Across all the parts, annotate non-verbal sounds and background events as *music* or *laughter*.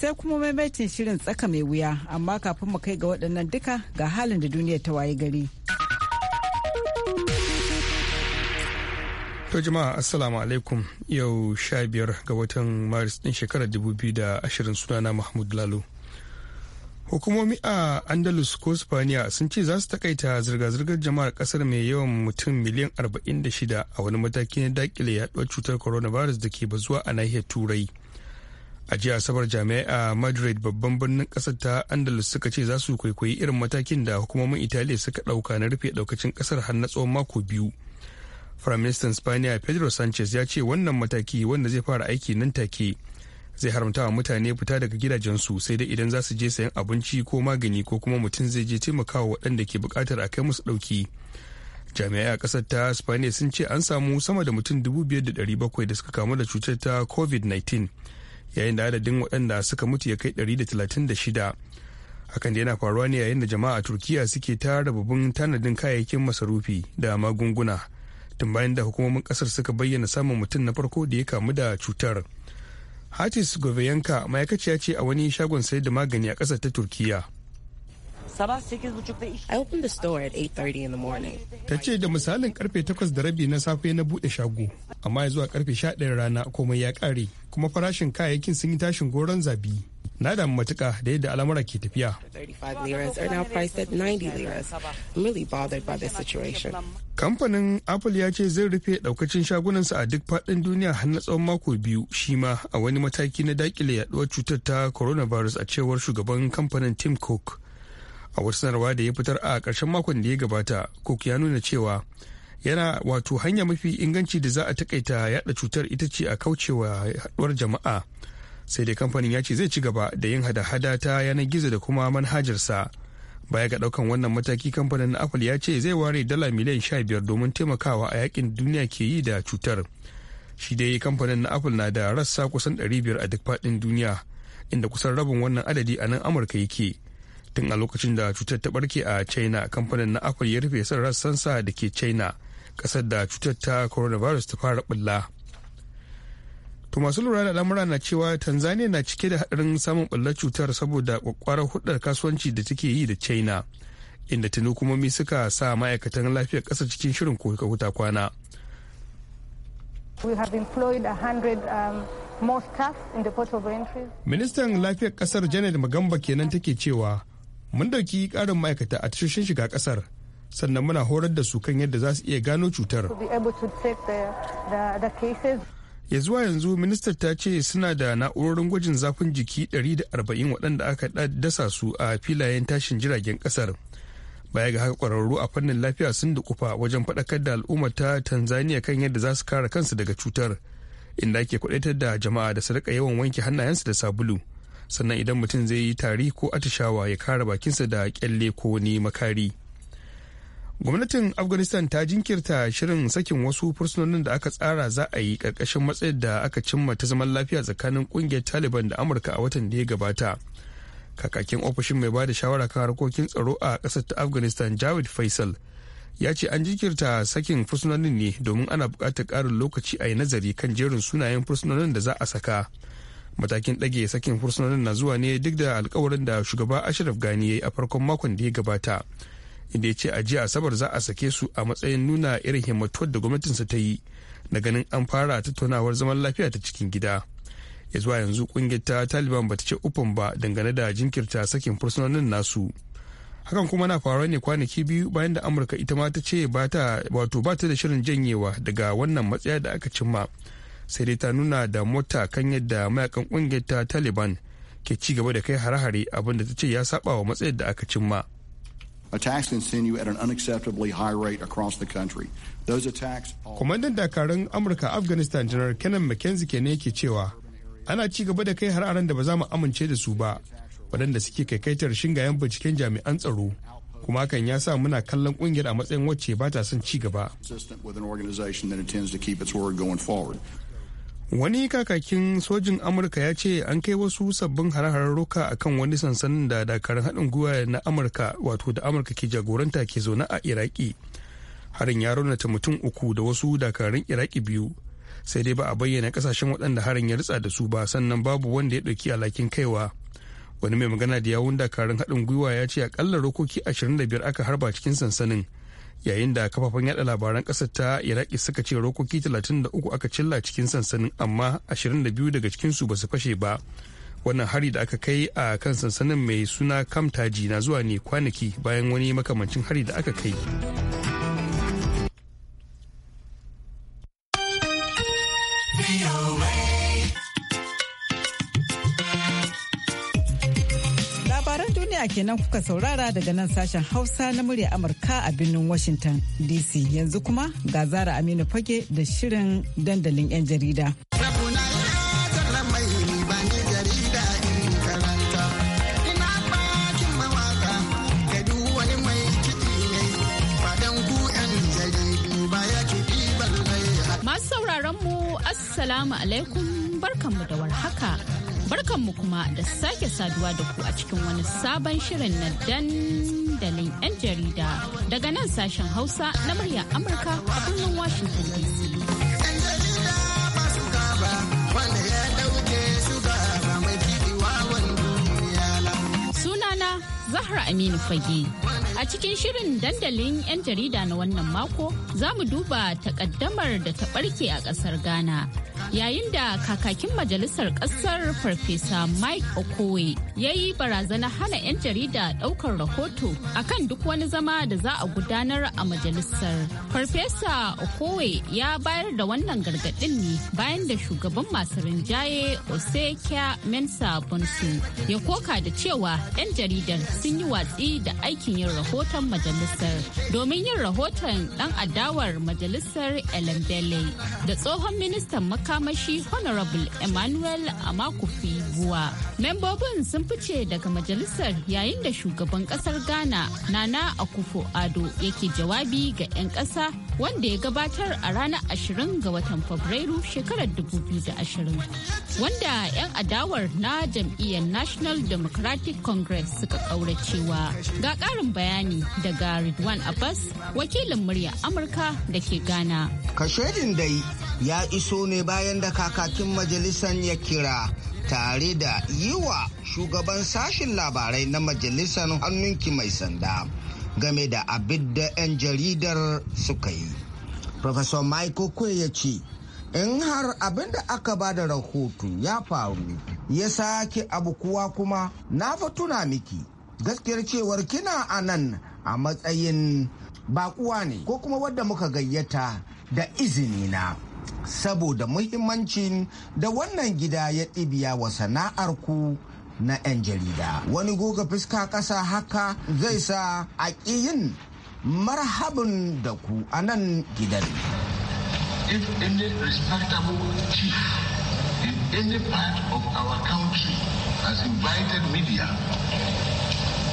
sai kuma maimaitin shirin tsaka mai wuya amma kafin mu kai ga waɗannan duka ga halin da duniyar ta waye gari. To jama'a assalamu alaikum yau sha biyar ga watan maris din shekarar dubu biyu da ashirin sunana Mahmud Lalo. Hukumomi a Andalus ko Spaniya sun ce za su takaita zirga-zirgar jama'ar kasar mai yawan mutum miliyan 46 a wani mataki na dakile yaduwar cutar coronavirus da ke bazuwa a nahiyar Turai. a jiya asabar jami'ai a madrid babban birnin kasar ta andalus suka ce za su kwaikwayi irin matakin da hukumomin italiya suka dauka na rufe daukacin kasar har na tsawon mako biyu firaministan spaniya pedro sanchez ya ce wannan mataki wanda zai fara aiki nan take zai haramta wa mutane fita daga gidajensu sai dai idan za su je sayan abinci ko magani ko kuma mutum zai je taimakawa waɗanda ke buƙatar a kai musu ɗauki jami'ai a ƙasar ta spaniya sun ce an samu sama da mutum bakwai da suka kamu da cutar ta covid-19 yayin da adadin waɗanda suka mutu ya kai 136 hakan da yana faruwa ne yayin da jama'a a turkiya suke tara babban tanadin kayayyakin masarufi da magunguna tun bayan da hukumomin kasar suka bayyana samun mutum na farko da ya kamu da cutar hatis goveyanka ma'aikaciya ce a wani shagon sayar da magani a ƙasar ta turkiya I opened the store at 8:30 in the morning. Ta ce da misalin karfe takwas da rabi na safe na bude shago, amma ya zuwa karfe 11 rana komai ya kare, kuma farashin kayayyakin sun yi tashin goron zabi. Na da matuka da yadda al'amura ke tafiya. Kamfanin Apple ya ce zai rufe daukacin shagunansa a duk faɗin duniya har na tsawon mako biyu shi ma a wani mataki na dakile yaduwar cutar ta coronavirus a cewar shugaban kamfanin Tim Cook. a wata sanarwa da ya fitar a ƙarshen makon da ya gabata cook ya nuna cewa yana wato hanya mafi inganci da za a takaita yada cutar ita ce a kaucewa haduwar jama'a sai dai kamfanin ya ce zai ci gaba da yin hada-hada ta yanar gizo da kuma manhajarsa baya ga daukan wannan mataki kamfanin na apple ya ce zai ware dala miliyan sha biyar domin taimakawa a yakin duniya ke yi da cutar shi dai kamfanin na apple na da rassa kusan 500 a duk faɗin duniya inda kusan rabin wannan adadi a nan amurka yake tun a lokacin da cutar ta barke a china kamfanin na akwai ya rufe san rassansa da ke china kasar da cutar ta coronavirus ta fara bulla to masu lura da lamura na cewa tanzania na cike da hadarin samun bullar cutar saboda kwakwarar hudar kasuwanci da take yi da china inda tuni mi suka sa ma'aikatan lafiyar kasar cikin shirin kuta kwana um, Ministan lafiyar kasar Janet Magamba kenan take cewa mun dauki karin ma'aikata a tashoshin shiga kasar sannan muna horar da su kan yadda za su iya gano cutar ya zuwa yanzu ministar ta ce suna da na'urorin gwajin zafin jiki 140 waɗanda aka dasa su a filayen tashin jiragen ƙasar baya ga haka ƙwararru a fannin lafiya sun dukufa wajen faɗakar da al'ummar ta tanzania kan yadda za su kare kansu daga cutar inda ake kwaɗaitar da jama'a da su rika yawan wanke hannayensu da sabulu sannan idan mutum zai yi tari ko atishawa ya kare bakinsa da kyalle ko wani makari gwamnatin afghanistan ta jinkirta shirin sakin wasu fursunonin da aka tsara za a yi karkashin matsayin da aka cimma ta zaman lafiya tsakanin kungiyar taliban da amurka a watan da ya gabata kakakin ofishin mai bada shawara kan harkokin tsaro a ƙasar ta afghanistan jawid faisal ya ce an jinkirta sakin fursunonin ne domin ana buƙatar ƙarin lokaci a yi nazari kan jerin sunayen fursunonin da za a saka matakin ɗage sakin fursunonin na zuwa ne duk da alkawarin da shugaba ashraf gani ya yi a farkon makon da ya gabata inda ya ce a jiya asabar za a sake su a matsayin nuna irin himmatuwar da gwamnatinsa ta yi na ganin an fara tattaunawar zaman lafiya ta cikin gida ya zuwa yanzu kungiyar ta taliban bata ce ufan ba dangane da jinkirta sakin fursunonin nasu hakan kuma na faruwa ne kwanaki biyu bayan da amurka ita ma ta ce wato bata da shirin janyewa daga wannan matsaya da aka cimma sai dai ta nuna da mota kan yadda mayakan kungiyar ta taliban ke ci gaba da kai hare-hare abinda ta ce ya saba wa matsayin da aka cimma. Kwamandan dakarun Amurka Afghanistan Janar Kenan McKenzie ke ne ke cewa ana ci gaba da kai hararen da ba za mu amince da su ba waɗanda suke kaikaitar shingayen binciken jami'an tsaro kuma kan ya sa muna kallon kungiyar a matsayin wacce ba ta son ci gaba. wani kakakin sojin amurka ya ce an kai wasu sabbin hare roka a kan wani sansanin da dakarun haɗin gwiwa na amurka wato da amurka ke jagoranta ke zaune a iraki harin ya raunata mutum uku da wasu dakarun iraki biyu sai dai ba a bayyana kasashen waɗanda harin ya ritsa da su ba sannan babu wanda ya ɗauki alhakin kaiwa wani mai magana da yawun dakarun haɗin gwiwa ya ce akalla rokoki 25 aka harba cikin sansanin yayin da kafafen yada labaran kasar ta iraki suka ce rokoki 33 aka cilla cikin sansanin amma 22 daga cikinsu ba su fashe ba wannan hari da aka kai a kan sansanin mai suna kamtaji na zuwa ne kwanaki bayan wani makamancin hari da aka kai Duniya kenan kuka saurara daga nan sashen Hausa na murya Amurka a birnin Washington DC. Yanzu kuma ga Zara Aminu Fage da shirin dandalin 'yan jarida. Masu sauraron mu Assalamu alaikum barkanmu da warhaka. mu kuma da sake saduwa da ku a cikin wani sabon shirin na dandalin 'yan jarida daga nan sashen Hausa na murya Amurka a birnin Washington DC. Zahra Aminu Fage. A cikin shirin dandalin 'yan jarida na wannan mako za mu duba takaddamar da ta barke a ƙasar Ghana. Yayin da kakakin majalisar ƙasar Farfesa Mike Okowe ya yi barazana hana 'yan jarida ɗaukar rahoto akan duk wani zama da za a gudanar a majalisar. Farfesa Okowe ya bayar da wannan gargaɗin ne bayan da shugaban masu rinjaye Osekia Mensa Bonsu ya koka da cewa 'yan jaridar sun yi watsi da aikin yin rahoton majalisar domin yin rahoton dan adawar majalisar elembele da tsohon ministan makamashi honorable emmanuel amakufi raguwa. Membobin sun fice daga majalisar yayin da shugaban kasar Ghana Nana Akufo Ado yake jawabi ga 'yan ƙasa wanda ya gabatar a ranar 20 ga watan Fabrairu shekarar 2020. Wanda 'yan adawar na jam'iyyar National Democratic Congress suka cewa Ga ƙarin bayani daga Ridwan Abbas, wakilin murya Amurka da ke Ghana. Kashedin dai ya iso ne bayan da kakakin majalisar ya kira tare da yi wa shugaban sashin labarai na majalisar hannunki mai sanda game da abin da 'yan jaridar suka yi. Profesor Michael Kwe ya ce, in har abin da aka ba da rahoto ya faru ya sake abu kuwa kuma na fi tuna miki gaskiyar cewar kina a nan a matsayin bakuwa ne ko kuma wadda muka gayyata da izini na. saboda muhimmancin da wannan gida ya ɗibiya wa sana'ar ku na 'yan jarida wani goga fuska ƙasa haka zai sa a yin marhabin da ku a nan gidan If any respectable chief in any part of our country has invited media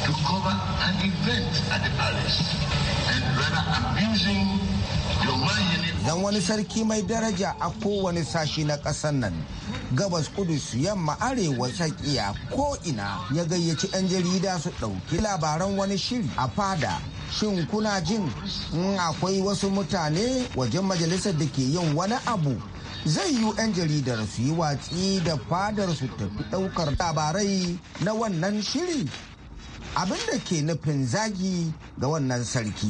to cover an event at the palace and rather abusing dan wani sarki mai daraja a kowane sashi na ƙasar nan. Gabas kudus yamma arewa tsakiya ko ina ya gayyaci 'yan jarida su ɗauki labaran wani shiri a fada. Shin kuna jin in akwai wasu mutane wajen majalisar da ke yin wani abu zai yi 'yan jaridar su yi watsi da fadar su tafi ɗaukar labarai na wannan shiri. Abinda ke nufin zagi ga wannan sarki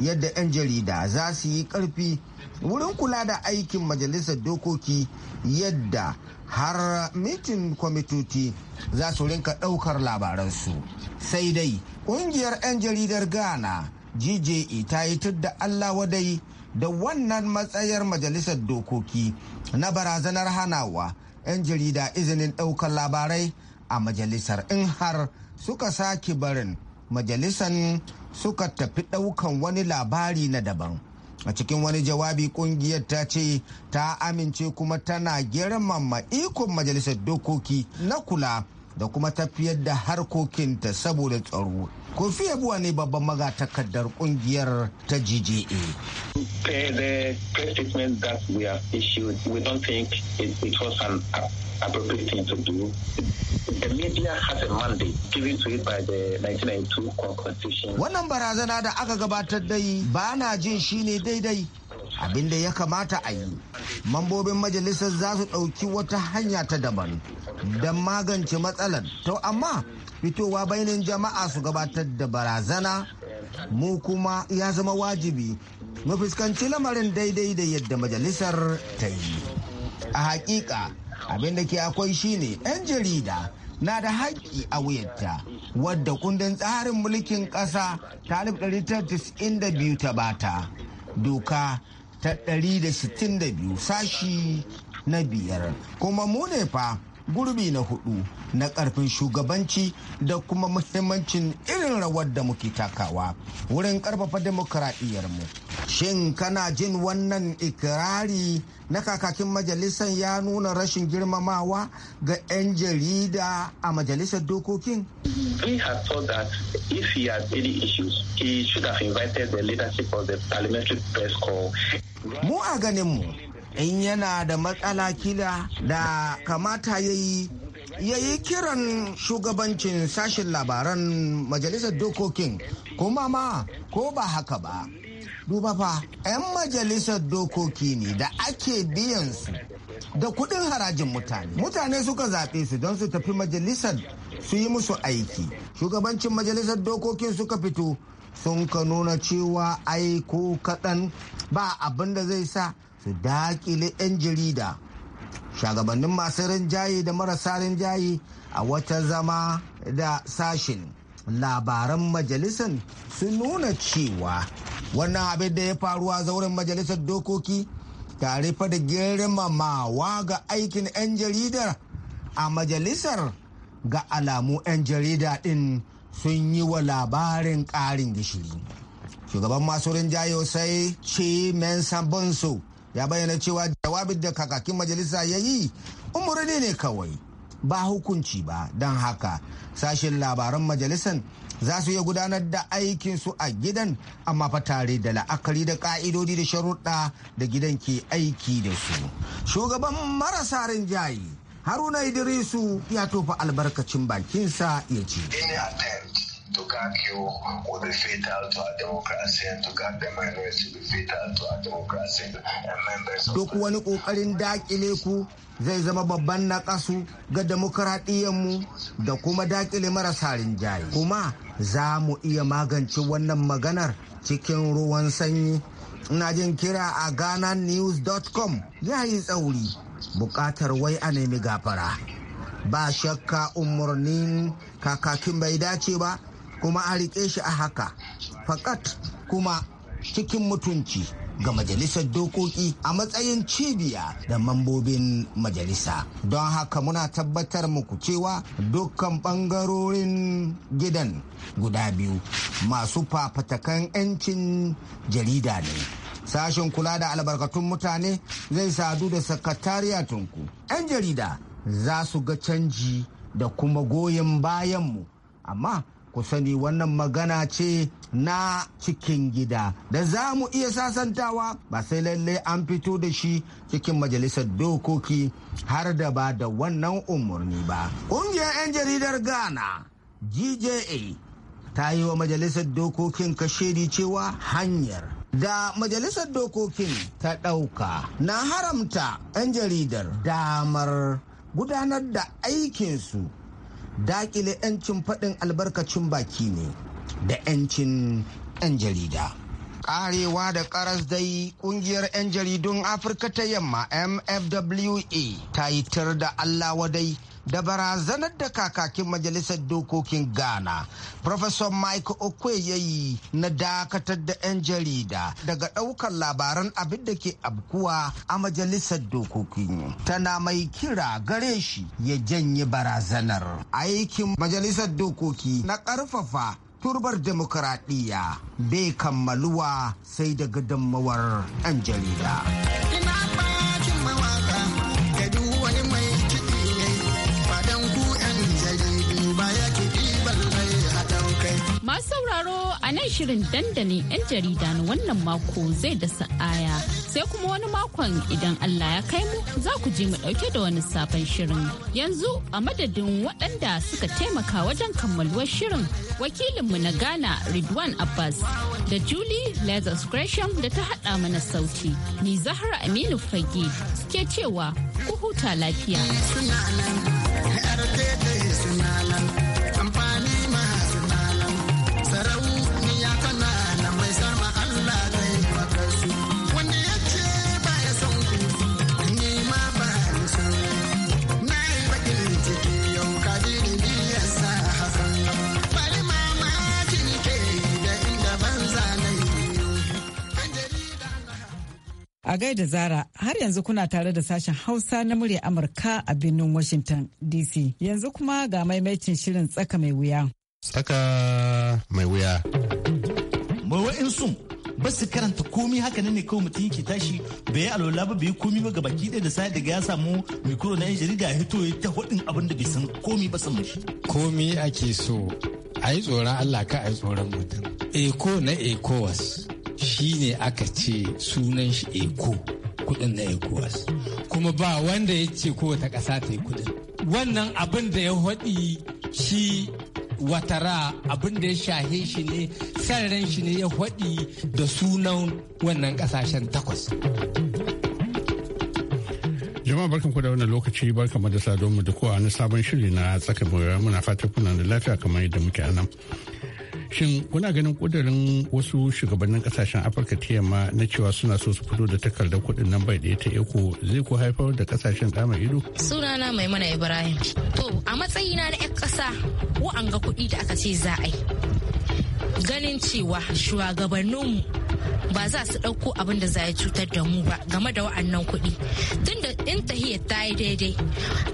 yadda 'yan jarida za su yi karfi wurin kula da aikin majalisar dokoki yadda har mitin kwamitoci za su rinka daukar labaransu sai dai kungiyar 'yan jaridar ghana gje ta yi da allah wadai da wannan matsayar majalisar dokoki na barazanar hanawa 'yan jarida izinin daukar labarai a majalisar in har suka sake barin majalisan suka tafi daukan wani labari na daban a cikin wani jawabi kungiyar ta ce ta amince kuma tana girmama ikon majalisar dokoki na kula da kuma tafiyar da harkokinta saboda tsaro kofi yabuwa ne babban magatakardar kungiyar ta gga The statement that we have issued, we don't think it, was an appropriate thing to do. The media has a mandate given to it by the 1992 Constitution. Wannan barazana da aka gabatar dai ba na jin shi ne daidai abin da ya kamata a yi mambobin majalisar za su ɗauki wata hanya ta daban don magance matsalar to amma fitowa bainin jama'a su gabatar da barazana mu kuma ya zama wajibi mu fuskanci lamarin daidai da yadda majalisar ta yi a hakika abin da ke akwai shine 'yan jarida na da haƙƙi a wuyarta wadda kundin tsarin mulkin ƙasa talib 1992 ta bata doka ta 162 sashi na biyar kuma mu ne fa gurbi na hudu na karfin shugabanci da kuma muhimmancin irin rawar da muke takawa wurin karfafa mu shin kana jin wannan ikirari na kakakin majalisar ya nuna rashin girmamawa ga 'yan jarida a majalisar dokokin? We had thought that if he had any issues, he should have invited the Mu a ganinmu, in yana da matsala kila da kamata ya yi ya yi kiran shugabancin sashen labaran majalisar dokokin kuma ma ko ba haka ba duba fa 'yan majalisar dokoki ne da ake biyan su da kudin harajin mutane mutane suka zaɓe su don su tafi majalisar su yi musu aiki shugabancin majalisar dokokin suka fito sun ka nuna cewa ai ko kaɗan ba abin da zai sa su dakile 'yan jarida shagabannin masu rinjaye da marasa rinjaye a wata zama da sashin labaran majalisar sun nuna cewa wannan abin da ya faru a zauren majalisar dokoki tare fa da girmamawa ga aikin 'yan jaridar a majalisar ga alamu 'yan jarida din sun yi wa labarin ƙarin gishiri shugaban masu rinjaye sai ce mensa bonso ya bayyana cewa jawabin da kakakin majalisa ya yi umarni ne kawai ba hukunci ba don haka sashen labaran majalisan za su iya gudanar da aikinsu a gidan amma fa tare da la'akari da ka'idodi da sharuɗa da gidan ke aiki da su shugaban marasa rinjaye haruna idrisu ya tofa albarkacin bakinsa ya ce to o to a democracy to minority to a democracy and members of Duk wani kokarin dakile ku zai zama babban naƙasu ga mu da kuma dakile marasa rinjaye. Kuma za mu iya magance wannan maganar cikin ruwan sanyi. Ina jin kira a ghananews.com ya yi tsauri buƙatar wai a nemi gafara. Ba shakka umarnin kakakin bai dace ba kuma a riƙe shi a haka fakat kuma cikin mutunci ga majalisar dokoki a matsayin cibiya da mambobin majalisa don haka muna tabbatar muku cewa dukkan ɓangarorin gidan guda biyu masu fafatakan 'yancin jarida ne sashen kula da albarkatun mutane zai sadu da sakatariya tunku 'yan jarida za su ga canji da kuma goyon bayanmu amma ku sani wannan magana ce na cikin gida da za mu iya sasantawa ba sai lalle an fito da shi cikin majalisar dokoki har da ba da wannan umarni ba. Ƙungiyar 'yan jaridar Ghana GJA ta yi wa majalisar dokokin kashedi cewa hanyar da majalisar dokokin ta ɗauka na haramta 'yan jaridar damar gudanar da aikinsu dakile 'yancin faɗin albarkacin baki ne da 'yancin 'yan jarida. karewa da karas dai kungiyar 'yan jaridun afirka ta yamma mfwa e, ta yi tar da allah wadai da barazanar da kakakin majalisar dokokin ghana professor mike okwe ya yi na dakatar da 'yan jarida daga ɗaukar labaran abin da ke abkuwa a majalisar dokokin tana mai kira gare shi ya janye barazanar aikin majalisar dokoki na karfafa. turbar demokuraɗiyya bai kammaluwa sai daga dammawar 'yan jarida. A nan shirin dandalin 'yan jarida na wannan mako zai da sa'aya sai kuma wani makon idan Allah ya kai mu za ku ji mu ɗauke da wani sabon shirin. Yanzu a madadin waɗanda suka taimaka wajen kammaluwar shirin wakilinmu na Ghana Ridwan Abbas da Julie Lazarus Gresham da ta haɗa mana sauti. Ni Zahra Aminu Fage suke cewa ku huta lafiya. A gaida Zara har yanzu kuna tare da sashen Hausa na murya Amurka a birnin Washington DC. Yanzu kuma ga maimacin shirin tsaka mai wuya. Tsaka mai wuya. Mawa'in sun ba su karanta komi haka ne kawai mutum yake tashi bai yi alwala ba bai yi komi ba gaba ki da sai daga ya samu mikro na yan jarida hito ya ta hudin abin da bai san komi ba san shi. Komi ake so a yi tsoron Allah ka a yi tsoron mutum. Eko na ECOWAS shi ne aka ce sunan shi eko kudin na ecowas kuma ba wanda ya ce kowata kasa ta yi kudin wannan abin da ya haɗi shi watara abin da ya shahe shi ne ran shi ne ya haɗi da sunan wannan kasashen takwas jama'a barkan ku da wannan lokaci barkan mu da sadon mu da kowa na sabon shiri na tsaka muna fatan kuna da lafiya kamar yadda muke a nan shin kuna ganin kudurin wasu shugabannin kasashen afirka ta yamma na cewa suna so su fito da takardar kudin nan bai ɗaya ta eko zai ku haifar da kasashen dama ido sunana mai mana ibrahim to a matsayina na 'yan ƙasa ga kuɗi da aka ce za a yi ganin cewa shugabanninmu ba za su ɗauko abin da za ya cutar da mu ba game da wa'annan kuɗi tunda in tahiyar ta yi daidai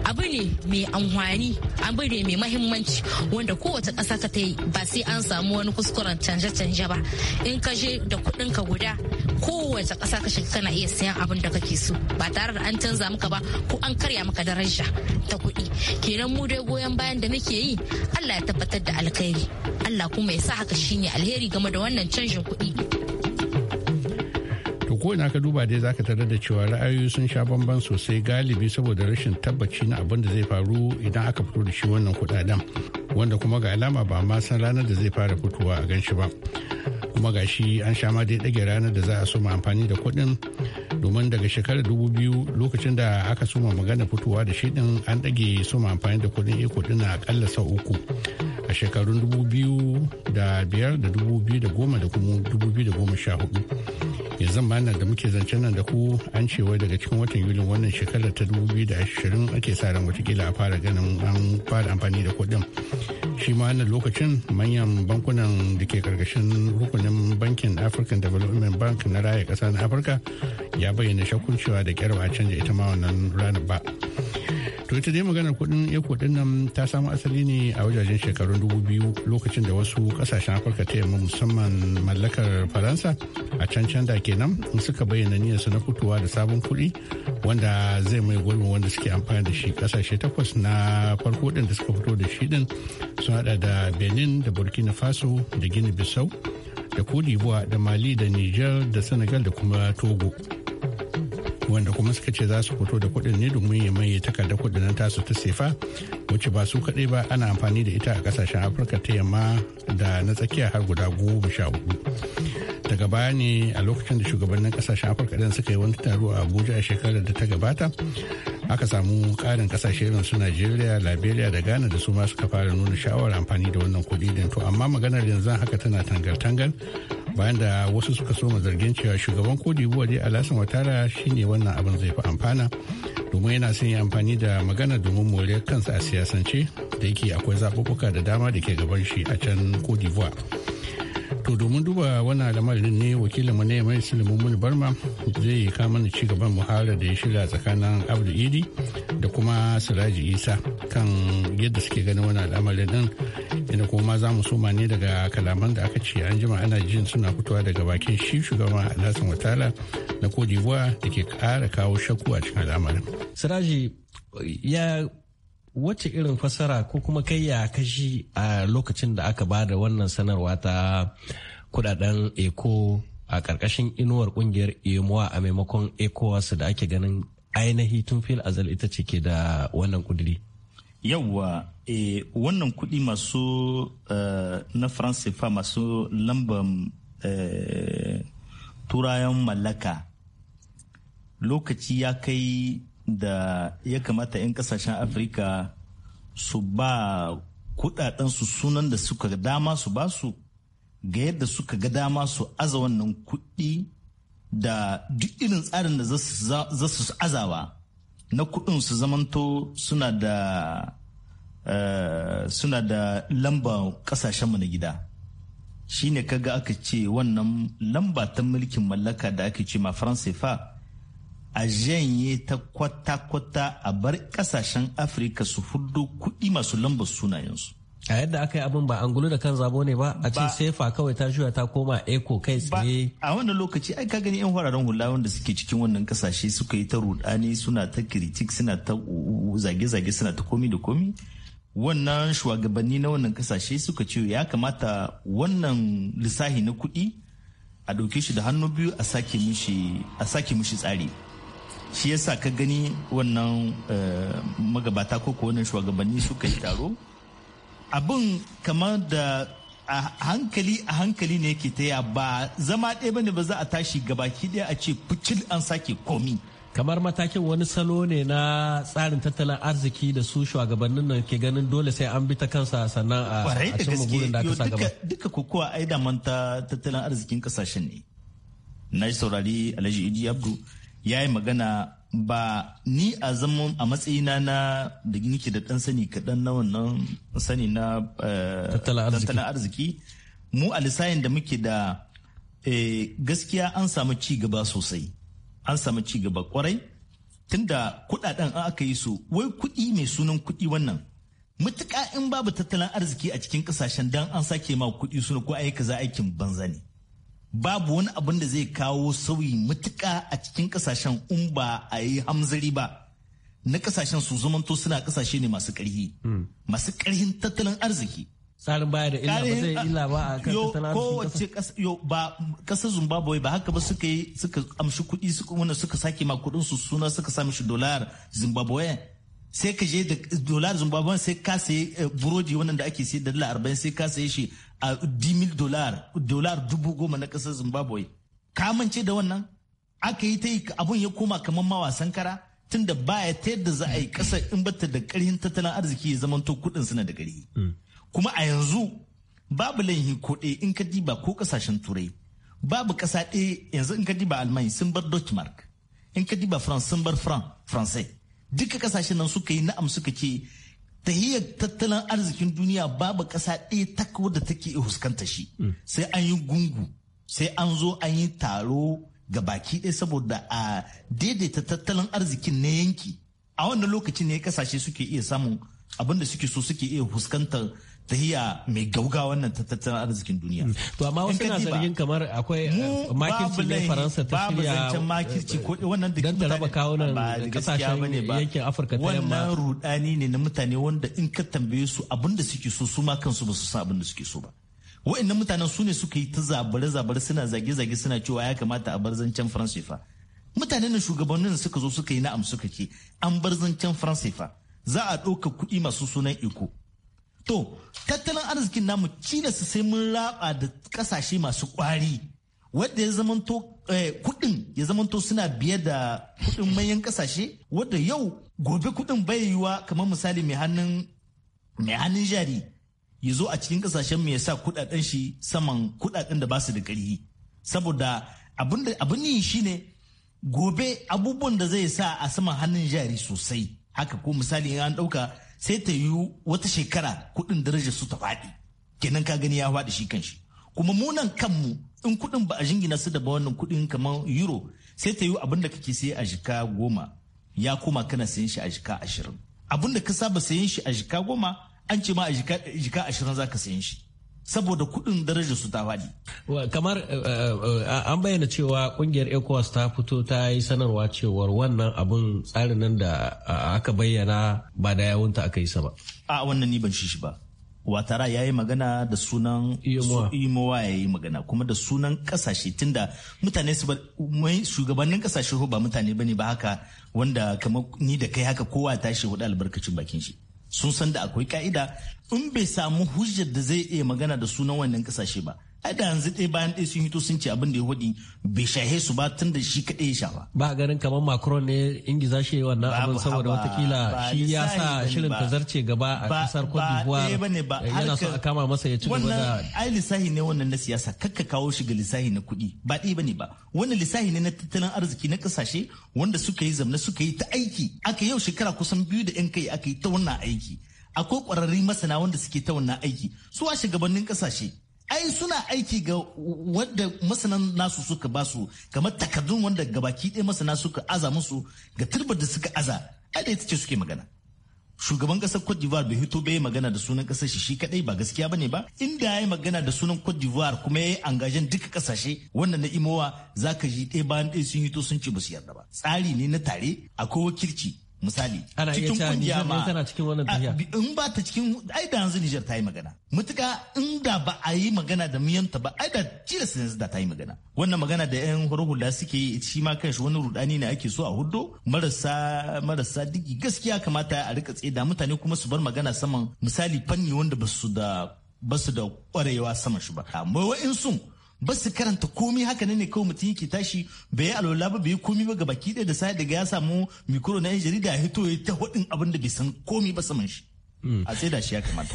abu ne mai amfani abu ne mai mahimmanci wanda kowace ƙasa ka ta yi ba sai an samu wani kuskuren canje-canje ba in ka je da kuɗin ka guda kowace ƙasa ka shiga kana iya sayan abin da kake so ba tare da an canza maka ba ko an karya maka daraja ta kuɗi kenan mu dai goyon bayan da muke yi Allah ya tabbatar da alkhairi Allah kuma ya sa haka shine alheri game da wannan canjin kuɗi ko ina ka duba dai zaka tarar da cewa ra'ayoyi sun sha bamban sosai galibi saboda rashin tabbaci na abin da zai faru idan aka fito da shi wannan kudaden wanda kuma ga alama ba ma san ranar da zai fara fitowa a ganshi ba kuma ga shi an sha ma dai dage ranar da za a soma amfani da kuɗin domin daga shekarar dubu biyu lokacin da aka soma magana fitowa da shi din an dage soma amfani da kuɗin iko din na akalla sau uku a shekarun dubu biyu da biyar da dubu biyu da goma da kuma dubu biyu da goma sha hudu yanzu nan da muke zance nan da ku an cewa daga cikin watan yuli wannan shekarar ta 2020 ake sa ran watakila a fara ganin an fara amfani da kuɗin shi ma lokacin manyan bankunan da ke karkashin rukunin bankin african development bank na raya ƙasa na afirka ya bayyana shakkun cewa da kyarwa a canja ita ma wannan ranar ba to ita dai maganar kudin eko din nan ta samu asali ne a wajajen shekarun dubu biyu lokacin da wasu kasashen afirka ta yamma musamman mallakar faransa a can can da kenan suka bayyana niyyarsu na fitowa da sabon kuɗi wanda zai mai gurbin wanda suke amfani da shi kasashe takwas na farko din da suka fito da shi din sun hada da benin da burkina faso da guinea bissau da cote d'ivoire da mali da niger da senegal da kuma togo wanda kuma suka ce za su fito da kuɗin ne domin ya maye takardar kuɗin tasu ta sefa wacce ba su kaɗai ba ana amfani da ita a ƙasashen afirka ta yamma da na tsakiya har guda goma sha hudu daga baya ne a lokacin da shugabannin ƙasashen afirka ɗin suka yi wani taro a abuja a shekarar da ta gabata aka samu ƙarin ƙasashe irin su najeriya liberia da ghana da su ma suka fara nuna sha'awar amfani da wannan kuɗi din to amma maganar yanzu haka tana tangal-tangal bayan da wasu suka soma zargin cewa shugaban kodi dai alasan watara shine wannan abin zai fi amfana domin yana son yi amfani da magana domin more kansa a siyasance da yake akwai zaɓuɓɓuka da dama da ke gaban shi a can kodi to domin duba wannan lamarin ne wakilin mu ne mai sulmun barma zai kama mana ci gaban muharar da ya shirya tsakanin abdu idi da kuma siraji isa kan yadda suke ganin wannan alamari din inda kuma za mu soma ne daga kalaman da aka ce an jima ana jin suna fitowa daga bakin shi shugaban alhassan watala na kodewa da ke kara kawo shakku a cikin al'amarin siraji ya wacce irin fasara ko kuma kai ya kashi a lokacin da aka ba da wannan sanarwa ta kudaden eko a ƙarƙashin inuwar ƙungiyar emuwa a maimakon ecowas da ake ganin ainihi tun fil azal ita ce ke da wannan kudiri yawwa e, eh, wannan kudi masu uh, na france fa masu lambar uh, turayen mallaka lokaci ya kai da ya kamata 'yan kasashen afirka su ba kudadensu sunan da suka ga dama su ba su ga yadda suka ga dama su aza wannan kuɗi da duk irin tsarin da za su azawa na kuɗin su zamanto suna da eh, suna da lamba ƙasashenmu na gida shine kaga aka ce wannan lamba ta mulkin mallaka da aka ce ma faransa fa a janye ta kwata-kwata a bar kasashen afirka su hudu kuɗi masu lambar sunayensu a yadda aka yi abin ba an gulu da kan zabo ne ba a ce sefa kawai ta juya ta koma eko kai tsaye a wannan lokaci ai ka gani yan wararen hula wanda suke cikin wannan kasashe suka yi ta rudani suna ta kritik suna ta zage-zage suna ta komi da komi wannan shugabanni na wannan kasashe suka ce ya kamata wannan lissahi na kuɗi a ɗauke shi da hannu biyu a sake mishi tsari shi yasa ka gani wannan eh, magabata ko ko wannan shugabanni suka yi taro abin kamar da a hankali a hankali ne yake taya ba zama ɗaya bane ba za a tashi gabaki ɗaya a ce fucil an sake komi kamar matakin wani salo ne na tsarin tattalin arziki da su shugabannin nan ke ganin dole sai an bi ta kansa sannan a cimma burin da aka sa gaba duka kokowa ai da manta tattalin arzikin kasashen ne na saurari alhaji idi abdu ya yi magana ba ni a zama a matsayina na da nike da ɗan sani kaɗan na wannan sani na eh, tattalin arziki mu a lissayin da muke da eh, gaskiya an samu ci gaba sosai an samu ci gaba kwarai tunda kuɗaɗen an aka yi su wai kuɗi mai sunan kuɗi wannan mutuka in babu tattalin arziki a cikin ƙasashen dan an sake ma kuɗi suna ko ayi kaza aikin banza ne babu wani abin da zai kawo sauyi matuka a cikin kasashen Umba ba a yi hamzari ba na kasashen su zumanto suna kasashe ne masu karhi hmm. masu karhin tattalin arziki tsarin baya da illa ba zai illa ba a kan tattalin arziki kowace yo ba kasar zimbabwe ba haka ba suka yi suka amshi kuɗi suka wanda suka sake ma kuɗin su suna suka sa mishi dolar zimbabwe sai ka je da dolar zimbabwe sai ka sayi eh, burodi wannan da ake sayar da dala arba'in sai ka saye shi a dimil dolar dolar dubu goma na ƙasar zimbabwe ka amince da wannan aka yi ta yi abun ya koma kamar ma wasan kara tun da baya ta yadda za a yi ƙasa in bata da ƙarhin tattalin arziki ya zama to kuɗin suna da gari mm. kuma a yanzu babu laihin kuɗi in ka diba ko ƙasashen turai babu ƙasa ɗaya yanzu in ka diba alman sun bar deutschmark in ka diba france sun bar france duka ƙasashen nan suka yi na'am suka ce tahiyar tattalin arzikin duniya babu ƙasa ɗaya da ta take huskanta shi mm. sai an yi gungu sai an zo an yi taro ga baki ɗaya saboda a daidaita tattalin arzikin na yanki a wannan lokacin ne kasashe suke iya samun abin da suke so suke iya fuskantar tahiya mai gauga wannan ta tattalin arzikin duniya. Hmm. To amma wasu na zargin kamar akwai uh, makirci ne Faransa ta shirya. Babu zancen makirci ko uh, wannan da ta raba kawunan kasashen yankin Afirka ta yamma. Wannan rudani ne na mutane wanda in ka tambaye su abin da suke so su ma kansu ba su san abin da suke so ba. Wa'annan mutanen su ne suka yi ta zabare-zabare suna zage-zage suna cewa ya kamata a bar zancen Faransa fa. Mutanen shugabannin suka zo suka yi na'am suka ce an bar zancen Faransa fa. Za a ɗauka kuɗi masu sunan iko. to tattalin arzikin namu su sai mun raba da kasashe masu kwari wadda ya zamanto eh, kudin ya zamanto suna biye da kudin manyan kasashe wadda yau gobe kudin bai yiwuwa kamar misali mai hannun jari ya zo a cikin kasashen mu ya sa kudaden shi saman kudaden da basu da ƙarfi saboda abin yin shi ne gobe abubuwan da zai sa a saman hannun jari sosai haka ko misali an ɗauka sai ta yi wata shekara kuɗin darajar su ta faɗi kenan ka gani ya faɗi shi kanshi kuma munan kanmu in kuɗin ba a jingina su da ba wannan kuɗin kamar euro sai ta yi abin da kake sai a jika goma ya koma kana sayan shi a jika ashirin abin da ka saba sayan shi a jika goma an ce ma a jika ashirin za ka sayan shi saboda kudin darajar su ta faɗi. kamar eh, eh, eh, an bayyana cewa kungiyar ecowas ta fito ta yi sanarwa cewar wannan abun tsarin nan da aka bayyana ba da yawunta aka yi sa ba a wannan ni ban shi ba watara ya yi magana da sunan imowa ya yi magana kuma da sunan kasashe tunda mutane su mai shugabannin kasashe ba mutane ba ne ba haka wanda kamar ni da kai haka kowa tashi hudu albarkacin bakin shi sun san da akwai ka'ida in bai samu hujjar da zai iya magana da sunan wannan kasashe ba ai yanzu ɗaya bayan ɗaya sun hito sun ce abin da ya hudi bai shahe su ba tun da shi kaɗai ya shafa. ba ganin kamar macron ne ingiza shi wannan abin saboda watakila shi ya sa shirin ta zarce gaba a ƙasar cote d'ivoire yana so a kama masa ya ci gaba da ai lissahi ne wannan na siyasa kakka kawo shi ga lissahi na kuɗi ba ɗaya ne ba wannan lissahi ne na tattalin arziki na ƙasashe wanda suka yi zamna suka yi ta aiki aka yau shekara kusan biyu da 'yan kai aka yi ta wannan aiki akwai ƙwararri masana wanda suke ta wannan aiki su a shugabannin ƙasashe ai suna aiki ga wanda masanan nasu suka basu kamar takardun wanda gabaki ɗaya masana suka aza musu ga turbar da suka aza ai da ita ce suke magana shugaban ƙasar Cote d'Ivoire bai hito bai magana da sunan kasar shi shi kadai ba gaskiya bane ba inda yayi magana da sunan Cote d'Ivoire kuma yi angajen duka kasashe wannan na imowa zaka ji ɗaya bayan ɗaya sun hito sun ce ba su yarda ba tsari ne na tare akwai wakilci misali cikin kungiya ma tana cikin wannan tafiya in ba ta cikin ai da yanzu Niger ta yi magana mutuka inda ba a yi magana da miyanta ba ai da tilas yanzu da ta yi magana wannan magana da yan hurhula suke shi ma kanshi wani rudani ne ake so a huddo marasa marasa digi gaskiya kamata a rika tsaye da mutane kuma su bar magana saman misali fanni wanda ba su da ba su da kwarewa saman shi ba amma wa'in sun ba su karanta komi haka ne kawai mutum yake tashi bai yi alwala ba bai yi komi ba gabaki ɗaya da sai daga ya samu mikro na yan jarida ya hito ya ta hudin abin da bai san komi ba saman shi hmm. a sai da shi ya kamata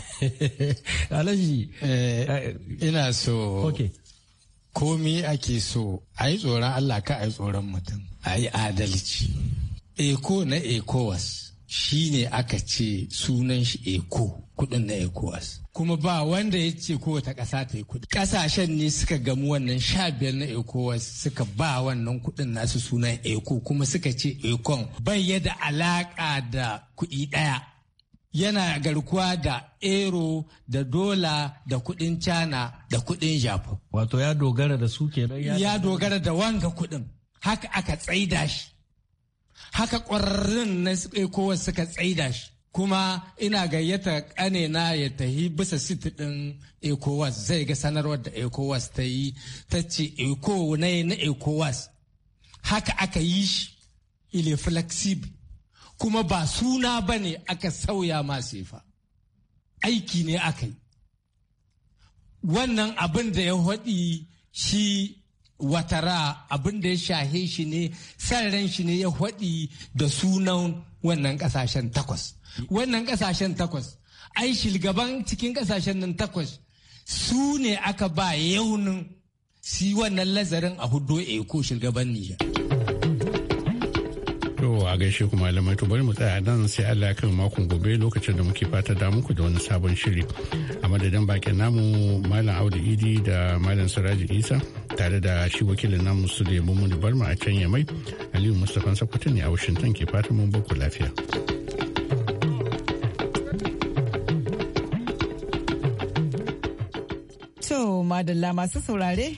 *laughs* alhaji eh, eh, ina so komi ake so a yi tsoron allah ka a yi tsoron mutum a yi adalci eko na ecowas shi ne aka ce sunan shi eko kudin na ecowas kuma ba wanda ya ce kowace ƙasa ta yi kuɗi ƙasashen ne suka gamu wannan sha biyar na ecowas suka ba wannan kuɗin nasu sunan eko kuma suka ce ekon. bai yada alaƙa da kuɗi ɗaya yana garkuwa da ero da dola da kuɗin cana da kuɗin japan wato ya dogara da su kenan ya dogara da wanga kuɗin haka aka tsaida shi haka ƙwararrun na ecowas suka tsaida shi kuma ina gayyata ƙanena ya tahi bisa siti ɗin ecowas zai ga sanarwar da ecowas ta yi ta ce eco na na ecowas haka aka yi shi ile flexible kuma ba suna ba ne aka sauya masifa aiki ne aka yi wannan abin da ya haɗi shi watara abin da ya shahe shi ne san ran shi ne ya haɗi da sunan wannan kasashen takwas wannan kasashen takwas ai shilgaban cikin kasashen nan takwas su ne aka ba yaunin si wannan lazarin a a eko shilgaban Nijar. To a gaishe ku malamai to bari mu tsaya nan sai Allah kan makon gobe lokacin da muke fata da muku da wani sabon shiri. A madadin bakin namu Malam Audu Idi da Malam Siraji Isa tare da shi wakilin namu su da bar Barma a can Yamai Aliyu Mustapha Sakwato ne a Washington ke fata mun baku lafiya. To madalla masu saurare